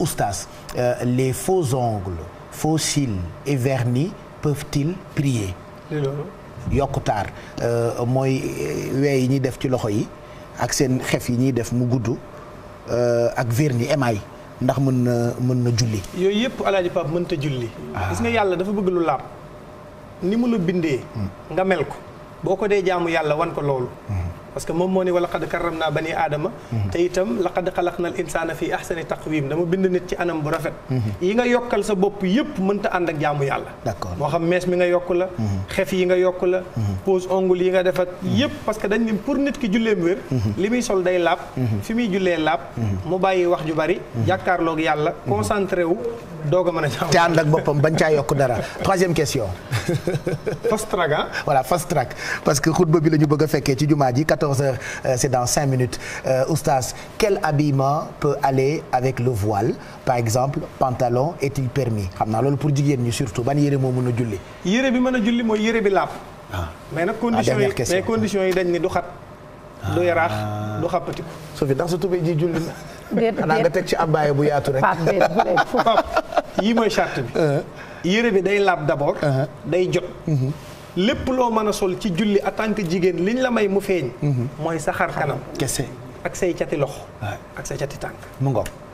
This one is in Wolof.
Oustas, euh, les faux ongles, faux cils et vernis peuvent-ils prier Yoko tar, moi, oui, yi ñuy def ci loxo yi ak seen xef yi ñuy def mu gudd euh, ak vernis émail ndax mën na mën na julli yooyu yëpp alaaji mënta julli ah. dafa bëgg lu ni mu la bindee hmm. nga mel ko boo ko dee wan ko parce que moom moo ni wa laqad karram naa bani aadama mhm. te itam laqad xalaq na al insaana fii ahsani taqwim dama bind nit ci anam bu rafet mhm. yi nga yokkal sa bopp yëpp mënta ànd ak jaamu yàlla d'accord moo xam mees mi nga yokk la mhm. xef yi nga yokk la pose ongle yi nga def ak yëpp parce que dañ ni pour nit ki julleem wér li muy sol day laab fi muy jullee laab mu bàyyi wax ju bari jàkkaarloog yàlla concentré wu doog a mën a te ànd ak boppam bañ caa yokk dara troisième question fast track hein? voilà fast track parce que xutba bi la ñu bëgg a fekkee ci jumaa 14 heures euh, c'est dans 5 minutes euh, oustaz quel habillement peut aller avec le voile par exemple pantalon est-il permis xam naa pour jigéen ñi surtout ban yére mo mën julli. yére bi mën julli moy yére bi laab. Ah. mais nak condition, yi mais condition yi dañ ni du xat. du ah. yaraax du xàppatiku. Sophie ndax sa tubéy ji julli na. déet déet nga tek ci abbaaya bu yaatu rek. Pape déet bu charte bi. Euh. yére bi day laab d'abord. Uh-huh. day jot. Mm-hmm. lépp loo mën a sol ci julli en tànk que jigéen liñ la may mu feeñ. Mm-hmm. mooy sa xar kanam. kese ak say cati loxo. ak say cati tànk mu ngoog.